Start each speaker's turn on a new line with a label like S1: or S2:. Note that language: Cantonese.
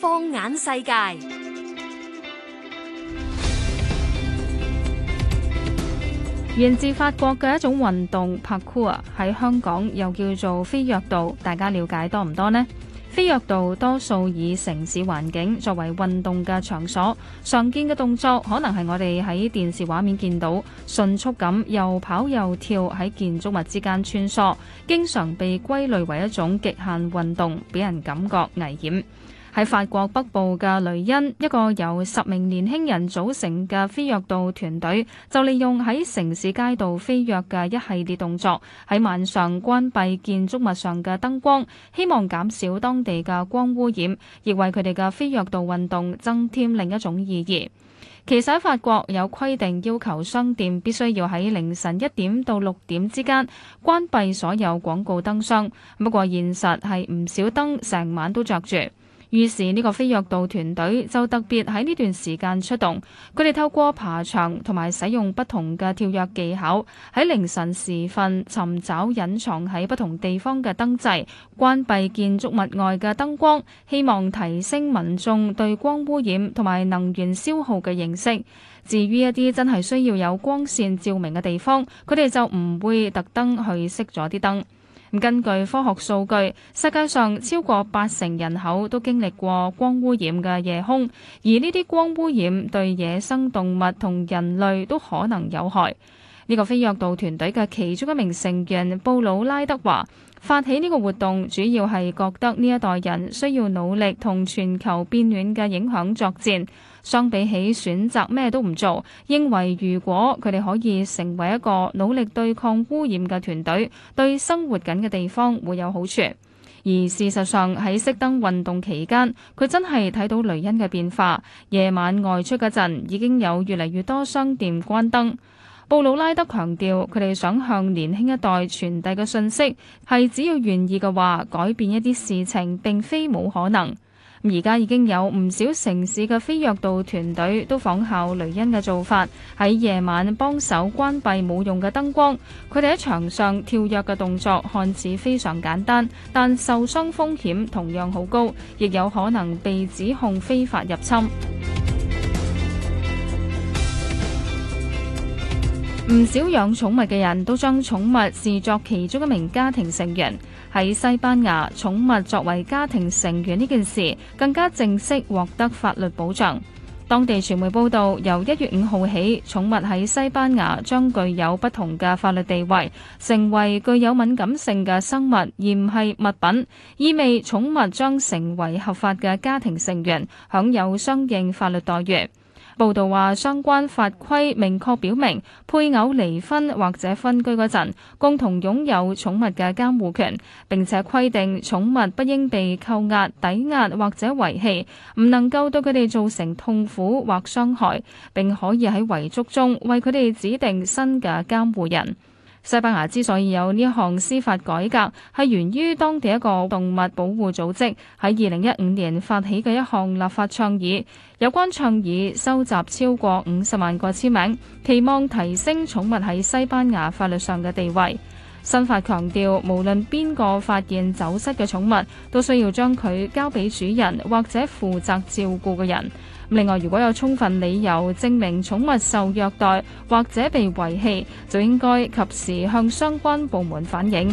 S1: 放眼世界，源自法國嘅一種運動帕庫啊，喺香港又叫做飛躍道，大家了解多唔多呢？飛躍道多數以城市環境作為運動嘅場所，常見嘅動作可能係我哋喺電視畫面見到，迅速咁又跑又跳喺建築物之間穿梭，經常被歸類為一種極限運動，俾人感覺危險。喺法國北部嘅雷恩，一個由十名年輕人組成嘅飛躍道團隊，就利用喺城市街道飛躍嘅一系列動作，喺晚上關閉建築物上嘅燈光，希望減少當地嘅光污染，亦為佢哋嘅飛躍道運動增添另一種意義。其實喺法國有規定要求商店必須要喺凌晨一點到六點之間關閉所有廣告燈箱，不過現實係唔少燈成晚都着住。於是呢個飛躍道團隊就特別喺呢段時間出動，佢哋透過爬牆同埋使用不同嘅跳躍技巧，喺凌晨時分尋找隱藏喺不同地方嘅燈掣，關閉建築物外嘅燈光，希望提升民眾對光污染同埋能源消耗嘅認識。至於一啲真係需要有光線照明嘅地方，佢哋就唔會特登去熄咗啲燈。根據科學數據，世界上超過八成人口都經歷過光污染嘅夜空，而呢啲光污染對野生動物同人類都可能有害。呢個飛躍道團隊嘅其中一名成員布魯拉德話：發起呢個活動主要係覺得呢一代人需要努力同全球變暖嘅影響作戰。相比起選擇咩都唔做，認為如果佢哋可以成為一個努力對抗污染嘅團隊，對生活緊嘅地方會有好處。而事實上喺熄燈運動期間，佢真係睇到雷恩嘅變化。夜晚外出嗰陣已經有越嚟越多商店關燈。布魯拉德強調，佢哋想向年輕一代傳遞嘅信息係，只要願意嘅話，改變一啲事情，並非冇可能。而家已經有唔少城市嘅飛躍道團隊都仿效雷恩嘅做法，喺夜晚幫手關閉冇用嘅燈光。佢哋喺牆上跳躍嘅動作看似非常簡單，但受傷風險同樣好高，亦有可能被指控非法入侵。唔少養寵物嘅人都將寵物視作其中一名家庭成員。喺西班牙，寵物作為家庭成員呢件事更加正式獲得法律保障。當地傳媒報道，由一月五號起，寵物喺西班牙將具有不同嘅法律地位，成為具有敏感性嘅生物，而唔係物品，意味寵物將成為合法嘅家庭成員，享有相應法律待遇。報道話，相關法規明確表明，配偶離婚或者分居嗰陣，共同擁有寵物嘅監護權，並且規定寵物不應被扣押、抵押或者遺棄，唔能夠對佢哋造成痛苦或傷害，並可以喺遺囑中為佢哋指定新嘅監護人。西班牙之所以有呢一項司法改革，係源於當地一個動物保護組織喺二零一五年發起嘅一項立法倡議。有關倡議收集超過五十萬個簽名，期望提升寵物喺西班牙法律上嘅地位。新法強調，無論邊個發現走失嘅寵物，都需要將佢交俾主人或者負責照顧嘅人。另外，如果有充分理由證明寵物受虐待或者被遺棄，就應該及時向相關部門反映。